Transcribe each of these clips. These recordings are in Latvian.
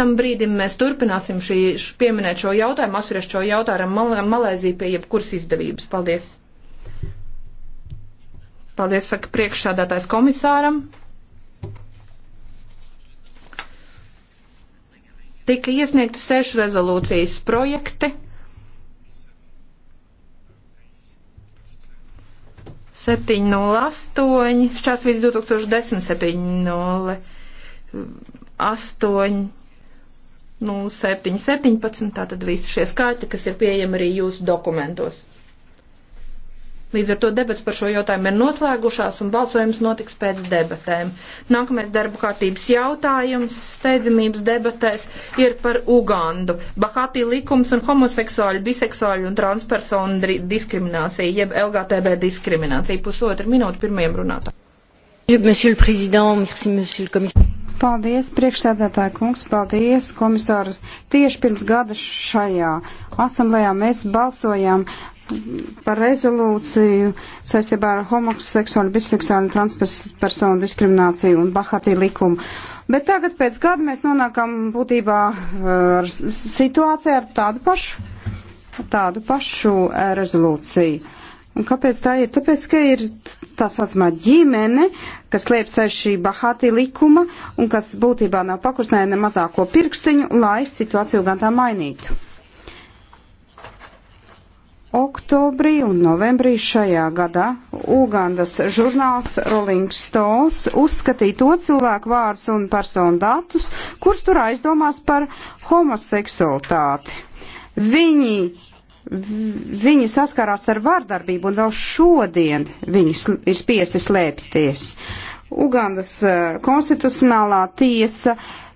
tam brīdim mēs turpināsim šī, pieminēt šo jautājumu, asuriešot šo jautājumu Mal Malēziju pie jebkuras izdevības. Paldies! Paldies, saka priekšsādātājs komisāram. Tika iesniegti sešu rezolūcijas projekti. Septiņi nulle astoņi, šķās līdz 2010 septiņi nulle astoņi. 0717, nu, tātad visi šie skaitļi, kas ir pieejami arī jūsu dokumentos. Līdz ar to debats par šo jautājumu ir noslēgušās un balsojums notiks pēc debatēm. Nākamais darba kārtības jautājums steidzamības debatēs ir par Ugandu. Bahātī likums un homoseksuāļu, biseksuāļu un transpersonu diskriminācija, jeb LGTB diskriminācija. Pusotru minūtu pirmajam runātājam. Monsieur le Président, merci Monsieur le Commissaire. Paldies, priekšsēdētāji kungs, paldies, komisāri. Tieši pirms gada šajā asamblējā mēs balsojām par rezolūciju saistībā ar homoseksuālu, biseksuālu, transpersonu diskrimināciju un Bahatī likumu. Bet tagad pēc gada mēs nonākam būtībā uh, ar situāciju ar tādu pašu, tādu pašu uh, rezolūciju. Un kāpēc tā ir? Tāpēc, ka ir tā saucamā ģimene, kas liepjas aiz šī bahātī likuma un kas būtībā nav pakusnēja ne mazāko pirkstiņu, lai situāciju gan tā mainītu. Oktobrī un novembrī šajā gadā Ugandas žurnāls Rolling Stones uzskatīja to cilvēku vārdus un personu datus, kurš tur aizdomās par homoseksualitāti. Viņi viņi saskarās ar vardarbību un vēl šodien viņas ir spiesti slēpties. Ugandas eh, konstitucionālā tiesa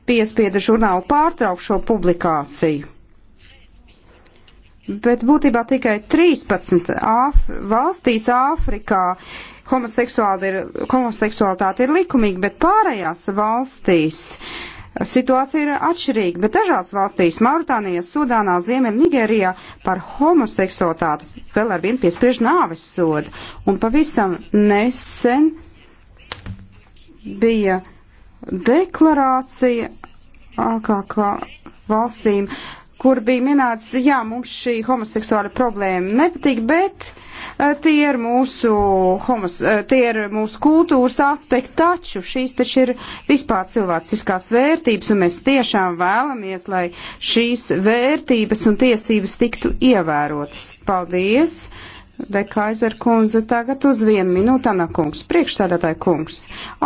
piespieda žurnālu pārtraukt šo publikāciju. Bet būtībā tikai 13 Āf valstīs Āfrikā homoseksualitāte ir, homoseksualitāte ir likumīga, bet pārējās valstīs uh, situācija ir atšķirīga, bet dažās valstīs, Mauritānijā, Sudānā, Ziemeļ Nigērijā, par homoseksualitāti vēl ar vienu piespriež nāves sodu. Un pavisam nesen bija deklarācija AKK valstīm, kur bija minēts, jā, mums šī homoseksuāla problēma nepatīk, bet Eh, tie ir mūsu, homos, eh, tie ir mūsu kultūras aspekti, taču šīs taču ir vispār cilvēciskās vērtības, un mēs tiešām vēlamies, lai šīs vērtības un tiesības tiktu ievērotas. Paldies! De Kaiser kundze tagad uz vienu minūtu, Anna kungs, priekšsēdētāja kungs.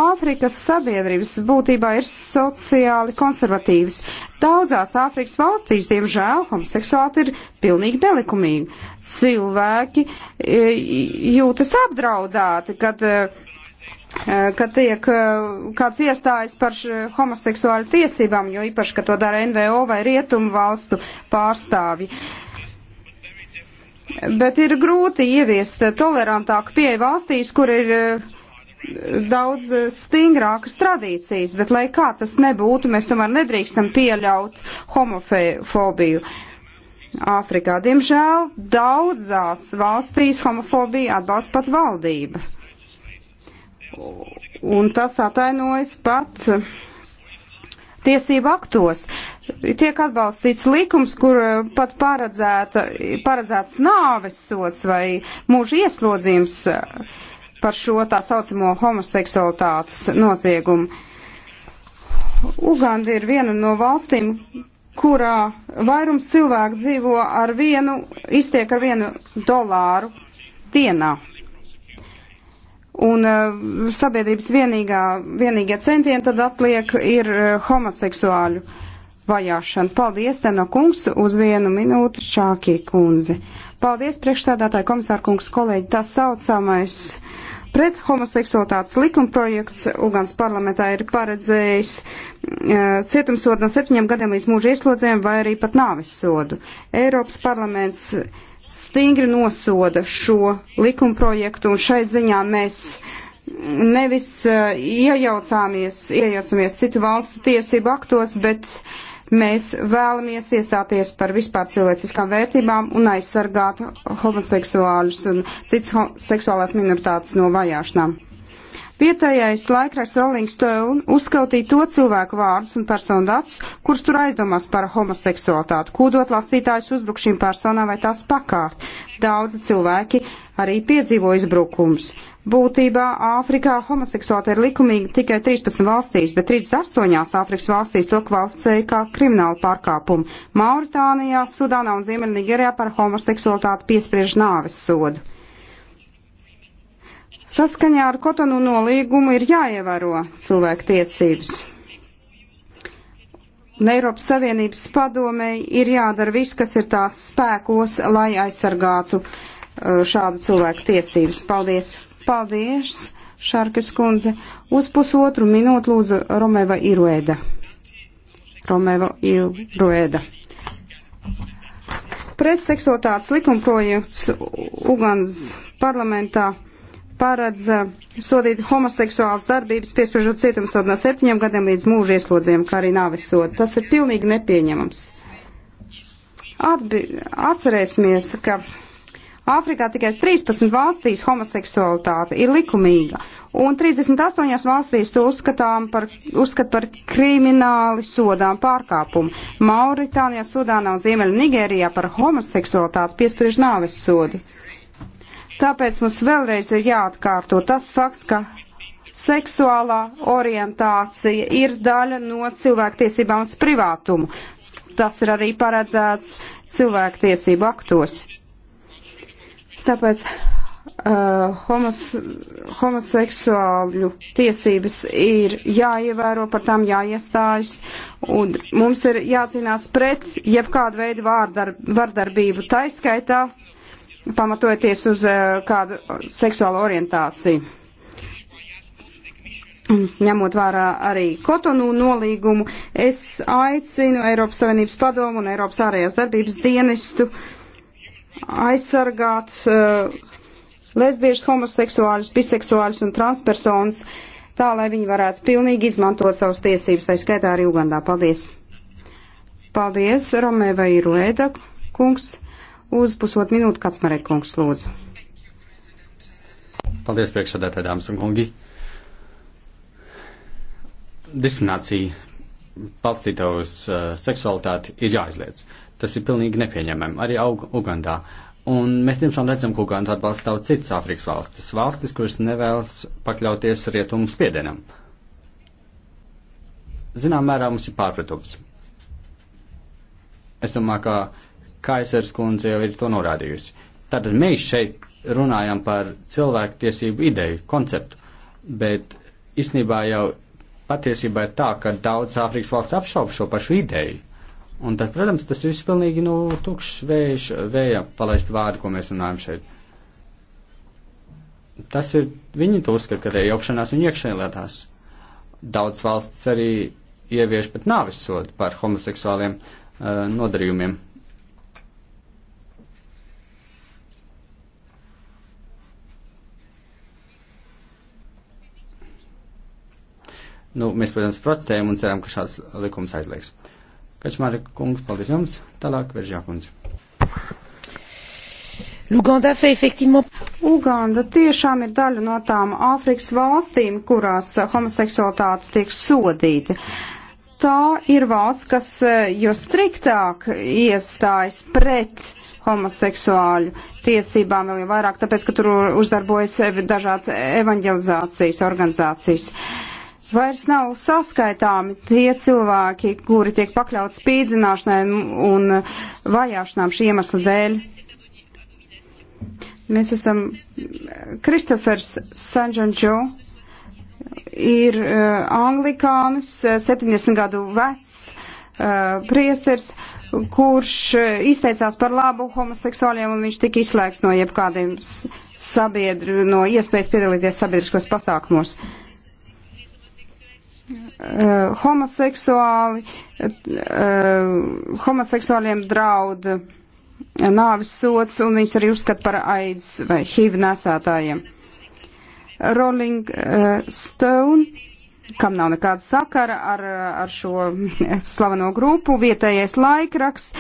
Āfrikas sabiedrības būtībā ir sociāli konservatīvas. Daudzās Āfrikas valstīs, diemžēl, homoseksuāli ir pilnīgi nelikumīgi. Cilvēki e, jūtas apdraudāti, kad, e, kad tiek e, kāds iestājas par homoseksuālu tiesībām, jo īpaši, ka to dara NVO vai Rietumu valstu pārstāvji. Uh, Bet ir grūti ieviest tolerantāku pieeju valstīs, kur ir eh, daudz eh, stingrākas tradīcijas, bet lai kā tas nebūtu, mēs tomēr nedrīkstam pieļaut homofobiju. Āfrikā, diemžēl, daudzās valstīs homofobija atbalsta pat valdība. Un tas atainojas pat tiesību aktos tiek atbalstīts likums, kur eh, pat paredzēta, paredzēts nāves sots vai mūža ieslodzījums eh, par šo tā saucamo homoseksualitātes noziegumu. Uganda ir viena no valstīm, kurā vairums cilvēku dzīvo ar vienu, iztiek ar vienu dolāru dienā. Un uh, sabiedrības vienīgā, vienīgie centieni tad atliek ir uh, homoseksuāļu uh, vajāšanu. Paldies, Teno kungs, uz vienu minūti Čākī kundze. Paldies, priekšstādātāji komisāra kungs, kolēģi, tā saucamais pret homoseksualitātes likumprojekts Ugāns parlamentā ir paredzējis eh, cietumsodu no septiņiem gadiem līdz mūža ieslodzēm vai arī pat nāvis sodu. Eiropas parlaments stingri nosoda šo likumprojektu un šai ziņā mēs nevis eh, iejaucāmies, iejaucamies citu valstu tiesību aktos, bet uh, Mēs vēlamies iestāties par vispār cilvēciskām vērtībām un aizsargāt homoseksuāļus un citas ho seksuālās minoritātes no vajāšanām. Vietējais laikraks Rolling Stone uzskautīja to cilvēku vārdus un personu datus, kurus tur aizdomās par homoseksualitāti, kūdot lasītājus uzbruk šīm personām vai tās pakārt. Daudzi cilvēki arī piedzīvo izbrukums. Būtībā Āfrikā homoseksuālitāte ir likumīga tikai 13 valstīs, bet 38 Āfrikas valstīs to kvalificēja kā kriminālu pārkāpumu. Mauritānijā, Sudānā un Ziemeļnigerijā par homoseksualitāti piespriež nāves sodu. Saskaņā ar Kotonu nolīgumu ir jāievēro cilvēku tiesības. Un Eiropas Savienības padomei ir jādara viss, kas ir tās spēkos, lai aizsargātu uh, šādu cilvēku tiesības. Paldies! Paldies, Šarkas kundze. Uz pusotru minūtu lūdzu Romeva Irueda. Romeva Irueda. Pretseksualitātes likumprojekts Ugandas parlamentā paredz eh, sodīt homoseksuālas darbības, piespriežot cietumsodu no septiņiem gadiem līdz mūža ieslodzījumu, kā arī nāvis sodu. Tas ir pilnīgi nepieņemams. Atbi atcerēsimies, ka Āfrikā tikai 13 valstīs homoseksualitāte ir likumīga, un 38 valstīs to uzskatām par, uzskat par krimināli sodām pārkāpumu. Mauritānijā, Sudānā un Ziemeļa Nigērijā par homoseksualitāti piespriež nāves sodu. Tāpēc mums vēlreiz ir jāatkārto tas fakts, ka seksuālā orientācija ir daļa no cilvēktiesībām uz privātumu. Tas ir arī paredzēts cilvēktiesību aktos. Tāpēc uh, homos, homoseksuāļu tiesības ir jāievēro, par tām jāiestājas, un mums ir jācīnās pret jebkādu veidu vārdar, vardarbību, taiskaitā pamatojoties uz uh, kādu seksuālu orientāciju. Ņemot vērā arī Kotonu nolīgumu, es aicinu Eiropas Savienības padomu un Eiropas ārējās darbības dienestu uh, aizsargāt uh, lesbiešus, homoseksuāļus, biseksuāļus un transpersonas, tā lai viņi varētu pilnīgi izmantot savas tiesības, tā skaitā arī Ugandā. Paldies! Paldies, Romēva Iruēda kungs, uz pusot minūtu kāds Marek kungs lūdzu. Paldies, priekšsēdētāji, dāmas un kungi. Diskriminācija balstīta uz uh, seksualitāti ir jāizliedz. Uh, Tas ir pilnīgi nepieņemami, arī aug Ugandā. Un mēs tiešām redzam, ka Ugandu atbalsta daudz citas Āfrikas valstis, valstis, kuras nevēlas pakļauties rietumu spiedienam. Zinām mērā mums ir pārpratums. Es domāju, ka Kaisers kundze jau ir to norādījusi. Tātad mēs šeit runājam par cilvēku tiesību ideju, konceptu, bet īstenībā jau patiesībā ir tā, ka daudz Āfrikas valsts apšauba šo pašu ideju. Un tad, protams, tas viss pilnīgi, nu, tukšs vējš, vēja palaist vārdu, ko mēs runājam šeit. Tas ir, viņi to uzskata, ka te jaukšanās un iekšē lietās. Daudz valsts arī ievieš pat nāvis sodu par homoseksuāliem uh, nodarījumiem. Nu, mēs, protams, protestējam un ceram, ka šāds likums aizliegs. Uh, Kačmāra kungs, paldies jums. Tālāk, Veržjā kungs. Luganda, effectivement... Uganda tiešām ir daļa no tām Āfrikas valstīm, kurās eh, homoseksualitāte tiek sodīta. Tā ir valsts, kas eh, jo striktāk iestājas pret homoseksuāļu tiesībām, vēl jau vairāk, tāpēc, ka tur uzdarbojas eh, dažādas evanģelizācijas organizācijas. Uh, vairs nav saskaitāmi tie cilvēki, kuri tiek pakļauts spīdzināšanai un vajāšanām šī iemesla dēļ. Mēs esam Kristofers Sanžanžo, ir uh, anglikānis, 70 eh, gadu vecs uh, eh, priesters, kurš uh, izteicās par labu homoseksuāliem un viņš tika izslēgts no jebkādiem sabiedru, no iespējas piedalīties sabiedriskos pasākumos. Uh, uh, homoseksuāli, uh, homoseksuāliem draud eh, nāvis sots, un viņas arī uzskata par aids vai HIV nesētājiem. Rolling uh, Stone, kam nav nekāda sakara ar, ar šo slaveno grupu, vietējais laikraks,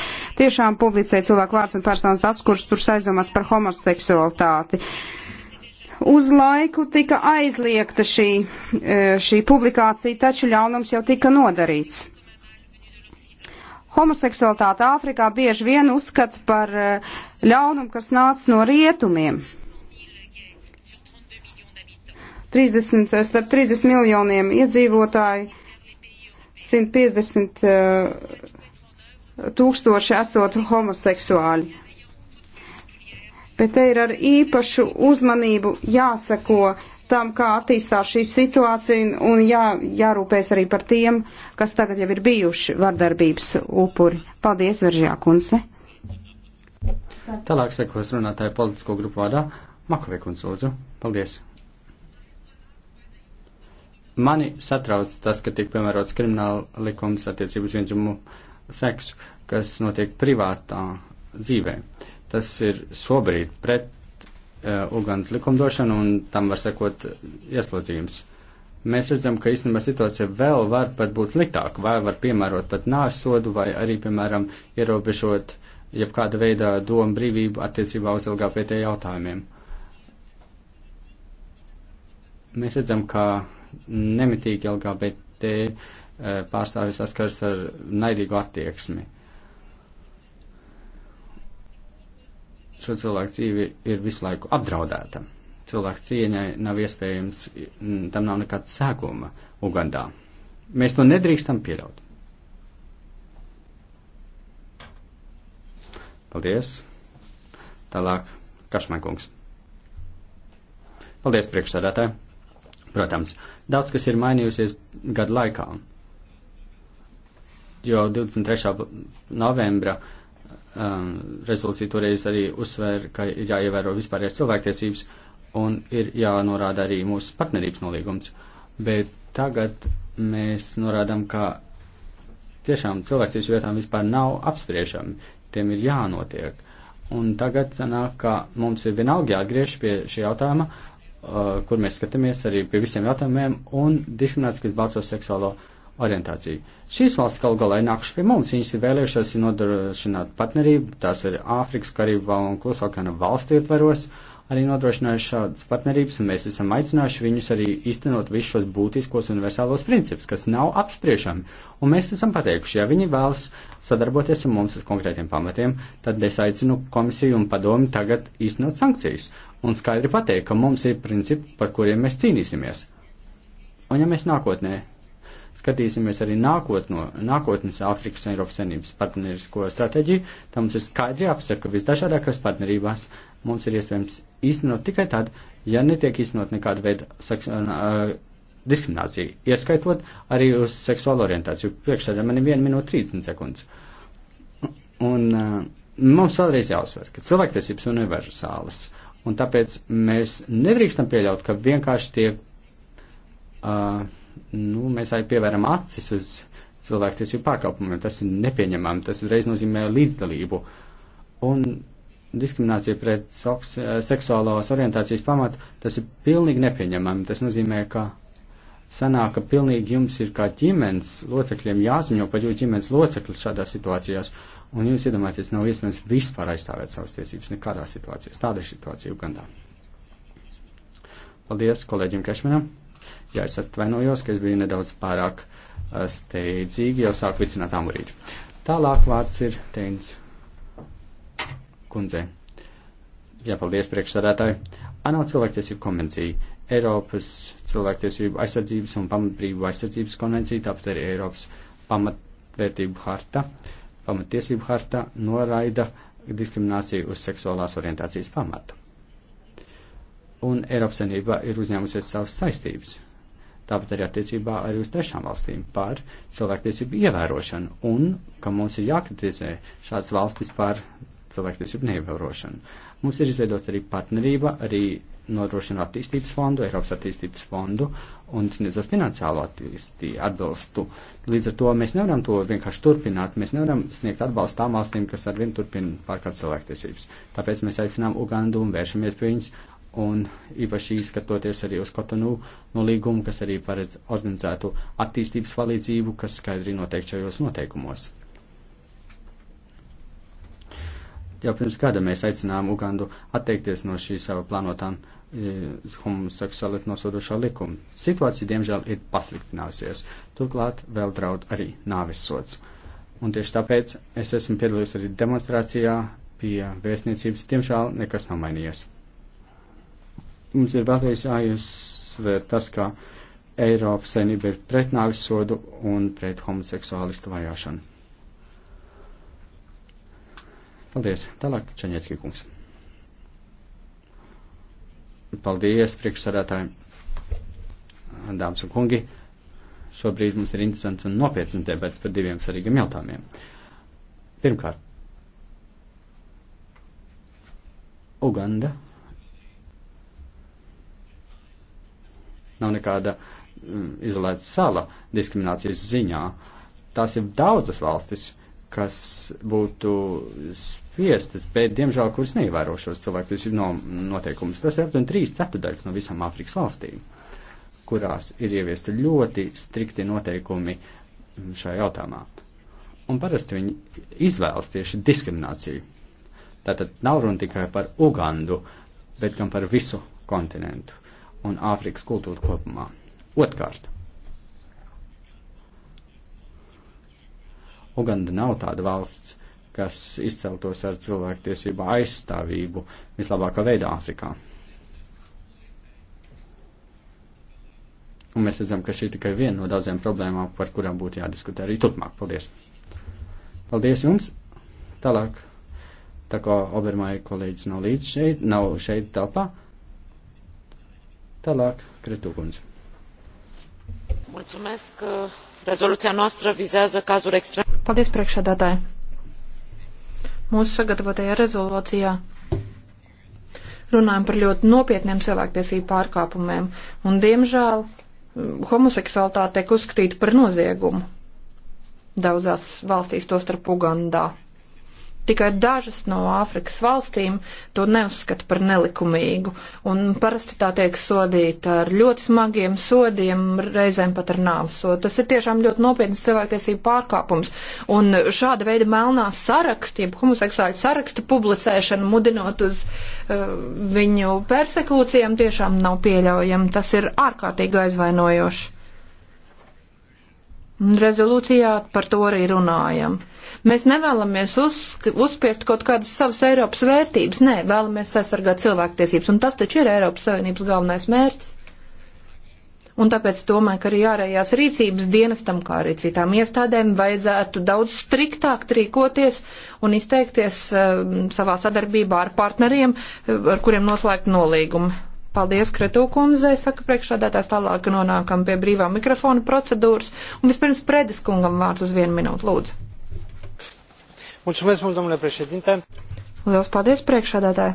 tiešām publicēja cilvēku vārds un personas tas, kurš tur aizdomās par homoseksualitāti. Uh, Uz laiku tika aizliegta šī, e, šī publikācija, taču ļaunums jau tika nodarīts. Homoseksualitāte Āfrikā bieži vien uzskata par e, ļaunumu, kas nāca no rietumiem. 30, e, starp 30 miljoniem iedzīvotāju 150 tūkstoši esot homoseksuāļi bet te ir ar īpašu uzmanību jāseko tam, kā attīstās šī situācija un jā, jārūpēs arī par tiem, kas tagad jau ir bijuši vardarbības upuri. Paldies, Veržjā kunse. Tālāk sekos runātāja politisko grupu vārdā Makovie kungs lūdzu. Paldies. Mani satrauc tas, ka tiek piemērots krimināla likums attiecības vienzimumu seksu, kas notiek privātā dzīvē. Tas ir šobrīd pret uh, eh, Ugānas likumdošanu un tam var sekot ieslodzījums. Mēs redzam, ka īstenībā situācija vēl var pat būt sliktāka, vai var piemērot pat nāsodu, vai arī, piemēram, ierobežot jebkāda veida domu brīvību attiecībā uz LGBT jautājumiem. Mēs redzam, ka nemitīgi LGBT eh, pārstāvis saskars ar naidīgu attieksmi. šo cilvēku dzīvi ir visu laiku apdraudēta. Cilvēku cieņai nav iespējams, tam nav nekāda sēkuma Ugandā. Mēs to nedrīkstam pieļaut. Paldies. Tālāk, Kašmēkungs. Paldies, priekšsēdētāji. Protams, daudz kas ir mainījusies gadu laikā. Jo 23. novembra uh, um, rezolūcija toreiz arī uzsver, ka ir jāievēro vispārējais cilvēktiesības un ir jānorāda arī mūsu partnerības nolīgums. Bet tagad mēs norādām, ka tiešām cilvēktiesību vietām vispār nav apspriešami, tiem ir jānotiek. Un tagad sanāk, ka mums ir vienalga jāatgriež pie šī jautājuma, uh, kur mēs skatāmies arī pie visiem jautājumiem un diskriminācijas, kas balso seksuālo uh, orientāciju. Šīs valsts galu galā nākušas pie mums, viņas ir vēlējušās nodrošināt partnerību, tās ir Āfrikas, Karību un Klusokana valstu ietveros, arī nodrošinājuši šādas partnerības, un mēs esam aicinājuši viņus arī īstenot visus šos būtiskos universālos principus, kas nav apspriešami. Un mēs esam pateikuši, ja viņi vēlas sadarboties ar mums uz konkrētiem pamatiem, tad es aicinu komisiju un padomi tagad īstenot sankcijas un skaidri pateikt, ka mums ir principi, par kuriem mēs cīnīsimies. Un ja mēs nākotnē skatīsimies arī nākotno, nākotnes Āfrikas un Eiropas Savienības partnerisko stratēģiju, tad mums ir skaidri jāpasaka, ka visdažādākās partnerībās mums ir iespējams īstenot tikai tad, ja netiek īstenot nekāda veida seks, uh, diskriminācija, ieskaitot arī uz seksuālo orientāciju. Priekšsēdē man ir 1 minūte 30 sekundes. Un uh, mums vēlreiz jāuzsver, ka cilvēktiesības universālas, un tāpēc mēs nedrīkstam pieļaut, ka vienkārši tiek. Uh, nu, mēs arī pievēram acis uz cilvēktiesību pārkāpumiem. Tas ir nepieņemami, tas uzreiz nozīmē līdzdalību. Un diskriminācija pret soks, eh, seksuālās orientācijas pamatu, tas ir pilnīgi nepieņemami. Tas nozīmē, ka sanāk, ka pilnīgi jums ir kā ģimenes locekļiem jāziņo par jūsu ģimenes locekli šādās situācijās, un jūs iedomājaties, nav iespējams vispār aizstāvēt savas tiesības nekādā situācijā. Tāda ir situācija Ugandā. Paldies kolēģim Kešmanam! Jā, es atvainojos, ka es biju nedaudz pārāk eh, steidzīgi, jau sāku vicināt amurīt. Tālāk vārds ir Teins kundzei. Jā, paldies priekšsādātāji. ANO cilvēktiesību konvencija, Eiropas cilvēktiesību aizsardzības un pamatbrīvu aizsardzības konvencija, tāpat arī Eiropas pamatvērtību harta, pamatiesību harta noraida diskrimināciju uz seksuālās orientācijas pamatu un Eiropas Savienība ir uzņēmusies savas saistības. Tāpat arī attiecībā arī uz trešām valstīm par cilvēktiesību ievērošanu un ka mums ir jākritizē šāds valstis par cilvēktiesību neievērošanu. Mums ir izveidot arī partnerība, arī nodrošina attīstības fondu, Eiropas attīstības fondu un sniedzot finansiālo atbalstu. Līdz ar to mēs nevaram to vienkārši turpināt, mēs nevaram sniegt atbalstu tām valstīm, kas ar vienu turpina pārkāpt cilvēktiesības. Tāpēc mēs aicinām Ugandu un vēršamies pie viņas un īpaši skatoties arī uz Kotonu nolīgumu, kas arī paredz organizētu attīstības palīdzību, kas skaidri noteikti šajos noteikumos. Jau pirms gada mēs aicinām Ugandu atteikties no šī sava plānotā e, homoseksualitāti nosodošā likuma. Situācija, diemžēl, ir pasliktinājusies. Turklāt vēl draud arī nāvis sots. Un tieši tāpēc es esmu piedalījies arī demonstrācijā pie vēstniecības. Diemžēl nekas nav mainījies. Mums ir vēlreiz jāiesver tas, ka Eiropas saimnība ir pret nāvis sodu un pret homoseksuālistu vajāšanu. Paldies. Tālāk Čaņiecki kungs. Paldies, priekšsādātāji, dāmas un kungi. Šobrīd mums ir interesants un nopietns debats par diviem svarīgiem jautājumiem. Pirmkārt, Uganda nav nekāda mm, izolēta sala diskriminācijas ziņā. Tās ir daudzas valstis, kas būtu spiestas, bet, diemžēl, kuras neievēro šos cilvēktiesību no, noteikumus. Tas ir aptuveni trīs ceturdaļas no visām Āfrikas valstīm, kurās ir ieviesti ļoti strikti noteikumi šajā jautājumā. Un parasti viņi izvēlas tieši diskrimināciju. Tātad nav runa tikai par Ugandu, bet gan par visu kontinentu un Āfrikas kultūru kopumā. Otkārt, Uganda nav tāda valsts, kas izceltos ar cilvēktiesību aizstāvību vislabākā veidā Āfrikā. Un mēs redzam, ka šī tikai viena no daudziem problēmām, par kurām būtu jādiskutē arī turpmāk. Paldies! Paldies jums! Tālāk, tā kā Obermaja kolēģis nav līdz šeit, nav šeit telpā. Tālāk, Kretuguns. Mulțumesc. Rezoluția noastră vizează cazuri extreme. Paldies, priekšsēdētāji. Mūsu sagatavotajā rezolūcijā runājam par ļoti nopietniem cilvēktiesību pārkāpumiem, un, diemžēl, homoseksualitāte tiek uzskatīta par noziegumu daudzās valstīs, tostarp Ugandā. Tikai dažas no Āfrikas valstīm to neuzskata par nelikumīgu, un parasti tā tiek sodīta ar ļoti smagiem sodiem, reizēm pat ar nāvsodu. Tas ir tiešām ļoti nopietnas cilvēktiesību pārkāpums, un šāda veida melnā saraksta, jeb homoseksuāļa saraksta publicēšana, mudinot uz uh, viņu persekūcijām, tiešām nav pieļaujama. Tas ir ārkārtīgi aizvainojoši. Rezolūcijā par to arī runājam. Mēs nevēlamies uz, uzspiest kaut kādas savas Eiropas vērtības, nē, vēlamies aizsargāt cilvēktiesības, un tas taču ir Eiropas Savienības galvenais mērķis. Un tāpēc domāju, ka arī ārējās rīcības dienestam, kā arī citām iestādēm, vajadzētu daudz striktāk rīkoties un izteikties uh, savā sadarbībā ar partneriem, uh, ar kuriem noslēgt nolīgumi. Paldies, Kretū kundzei, saka priekšādātājs, tālāk nonākam pie brīvā mikrofona procedūras. Un vispirms Predes kungam vārds uz vienu minūtu, lūdzu. Mulțumesc mult, domnule președinte. Lielas paldies priekšādātāji.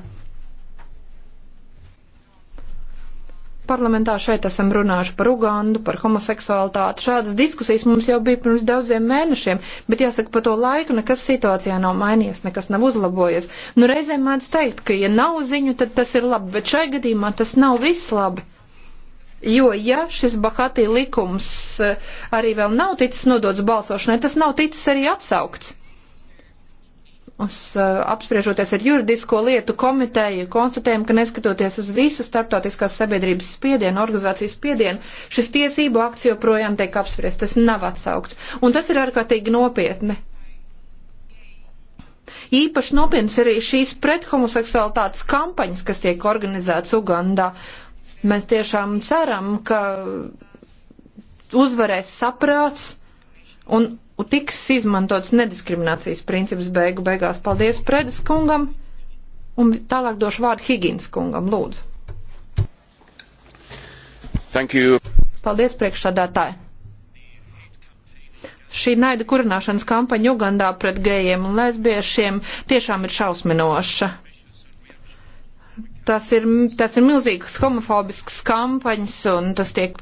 Parlamentā šeit esam runājuši par Ugandu, par homoseksualitāti. Šādas diskusijas mums jau bija pirms daudziem mēnešiem, bet jāsaka, pa to laiku nekas situācijā nav mainījies, nekas nav uzlabojies. Nu, reizēm mēdz teikt, ka ja nav ziņu, tad tas ir labi, bet šai gadījumā tas nav viss labi. Jo, ja šis Bahatī likums eh, arī vēl nav ticis nodots balsošanai, tas nav ticis arī atsaukts. Uz, uh, apspriežoties ar juridisko lietu komiteju, konstatējam, ka neskatoties uz visu starptautiskās sabiedrības spiedienu, organizācijas spiedienu, šis tiesību akts joprojām tiek apspriests. Tas nav atsaukts. Un tas ir ārkārtīgi nopietni. Īpaši nopietnas arī šīs prethomoseksualitātes kampaņas, kas tiek organizētas Ugandā. Mēs tiešām ceram, ka uzvarēs saprāts un un tiks izmantots nediskriminācijas princips beigu beigās. Paldies Predes kungam un tālāk došu vārdu Higīnas kungam, lūdzu. Thank you. Paldies priekšsādātāji. Šī naida kurināšanas kampaņa Ugandā pret gejiem un lesbiešiem tiešām ir šausminoša. Tas ir, tas ir milzīgs homofobisks kampaņas un tas tiek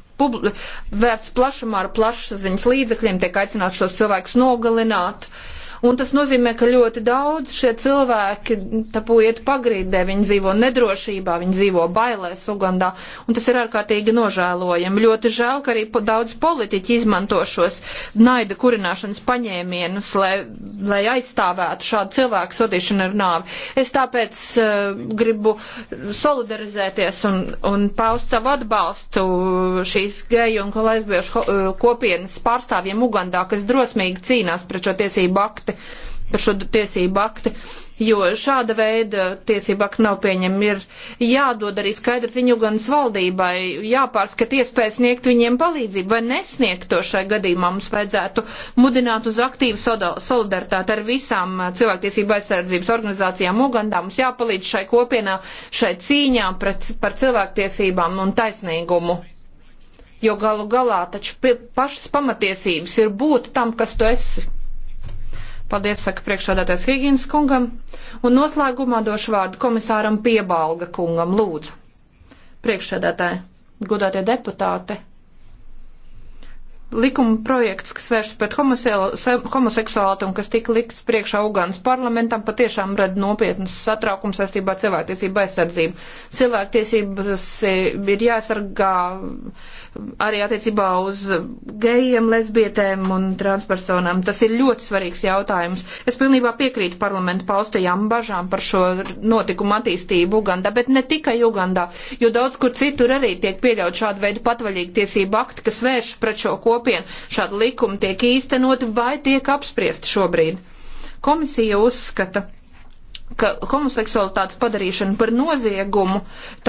vērsts plašumā ar plašsaziņas līdzekļiem, tiek aicināts šos cilvēkus nogalināt. Uh, Un tas nozīmē, ka ļoti daudz šie cilvēki tapūjiet pagrīdē, viņi dzīvo nedrošībā, viņi dzīvo bailēs Ugandā, un tas ir ārkārtīgi nožēlojami. Ļoti žēl, ka arī daudz politiķi izmanto šos naida kurināšanas paņēmienus, lai, lai aizstāvētu šādu cilvēku sodīšanu ar nāvi. Es tāpēc uh, gribu solidarizēties un, un paust savu atbalstu šīs geju un lesbiešu eh, kopienas pārstāvjiem Ugandā, kas drosmīgi cīnās pret šo tiesību aktu akti, par šo tiesību akti, jo šāda veida tiesību akti nav pieņem. Ir jādod arī skaidrs viņu gan valdībai, jāpārskat iespējas sniegt viņiem palīdzību vai nesniegt to šai gadījumā. Mums vajadzētu mudināt uz aktīvu solidaritāti ar visām uh, cilvēktiesību aizsardzības organizācijām Ugandā. Mums jāpalīdz šai kopienā, šai cīņā pret, par cilvēktiesībām un taisnīgumu jo galu galā taču pašas pamatiesības ir būt tam, kas tu esi. Paldies, saka priekšādātais Higīnas kungam. Un noslēgumā došu vārdu komisāram Piebalga kungam. Lūdzu. Priekšādātāji, godātie deputāti likuma projekts, kas vēršas pret homoseksuālitu un kas tika likts priekšā Uganas parlamentam, patiešām rada nopietnas satraukums saistībā ar cilvēktiesību aizsardzību. Cilvēktiesības eh, ir jāsargā arī attiecībā uz gejiem, lesbietēm un transpersonām. Tas ir ļoti svarīgs jautājums. Es pilnībā piekrītu parlamentu paustajām bažām par šo notikumu attīstību Ugandā, bet ne tikai Ugandā, jo daudz kur citur arī tiek pieļaut šādu veidu patvaļīgi tiesību akti, kas vērš pret šo kopu kopienu šādi likumi tiek īstenoti vai tiek apspriesti šobrīd. Komisija uzskata, ka homoseksualitātes padarīšana par noziegumu,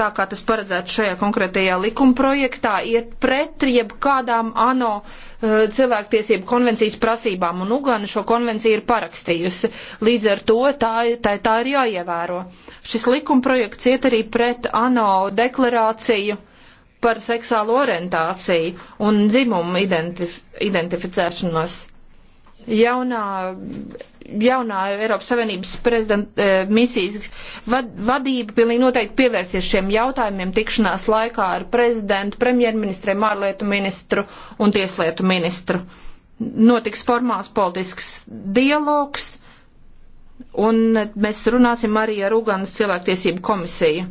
tā kā tas paredzēts šajā konkrētajā likumprojektā, iet pret jebkādām ANO eh, cilvēktiesību konvencijas prasībām, un Ugana šo konvenciju ir parakstījusi. Līdz ar to tā, tā, tā ir jāievēro. Šis likumprojekts iet arī pret ANO deklarāciju par seksuālu orientāciju un dzimumu identif identificēšanos. Jaunā, jaunā Eiropas Savienības prezidenta e, misijas vad, vadība pilnīgi noteikti pievērsies šiem jautājumiem tikšanās laikā ar prezidentu, premjerministriem, ārlietu ministru un tieslietu ministru. Notiks formāls politisks dialogs un mēs runāsim arī ar Ugandas cilvēktiesību komisiju.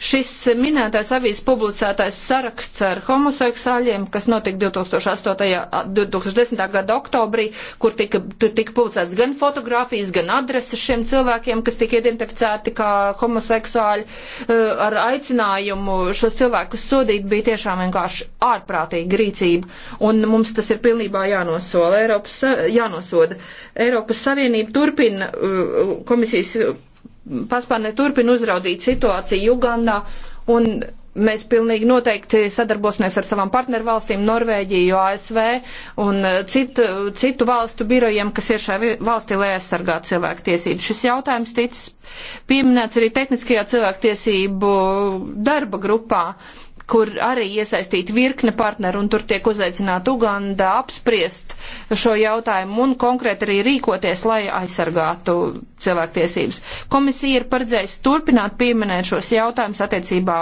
Šis minētais avīzes publicētais saraksts ar homoseksuāļiem, kas notika 2008, 2010. gada oktobrī, kur tika, tika publicēts gan fotografijas, gan adreses šiem cilvēkiem, kas tika identificēti kā homoseksuāļi, eh, ar aicinājumu šos cilvēkus sodīt, bija tiešām vienkārši ārprātīga rīcība, un mums tas ir pilnībā jānosola. Eiropas, jānosoda. Eiropas Savienība turpina eh, komisijas paspārne turpina uzraudīt situāciju Jugandā un mēs pilnīgi noteikti sadarbosimies ar savām partnervalstīm, Norvēģiju, ASV un citu, citu valstu birojiem, kas ir šai valstī, lai aizsargātu cilvēku tiesības. Šis jautājums ticis pieminēts arī tehniskajā cilvēktiesību darba grupā kur arī iesaistīta virkne partneru, un tur tiek uzaicināta Uganda apspriest šo jautājumu un konkrēti arī rīkoties, lai aizsargātu cilvēktiesības. Komisija ir paredzējusi turpināt pieminēt šos jautājumus attiecībā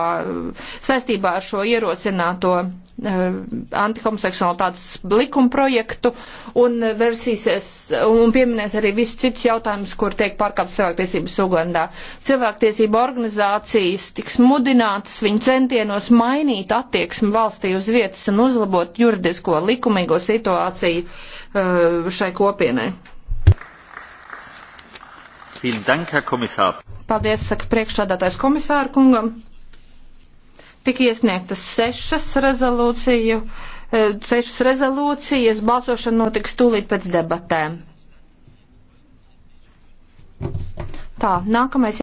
saistībā ar šo ierosināto Eh, antihomoseksualitātes likuma projektu un versīsies un pieminēs arī visus citus jautājumus, kur tiek pārkāptas cilvēktiesības Ugandā. Cilvēktiesība organizācijas tiks mudinātas viņu centienos mainīt attieksmi valstī uz vietas un uzlabot juridisko likumīgo situāciju eh, šai kopienai. Paldies, saka priekšsādātais komisāra kungam. Tik iesniegtas sešas rezolūciju, e, sešas rezolūcijas, balsošana notiks tūlīt pēc debatēm. Tā, nākamais.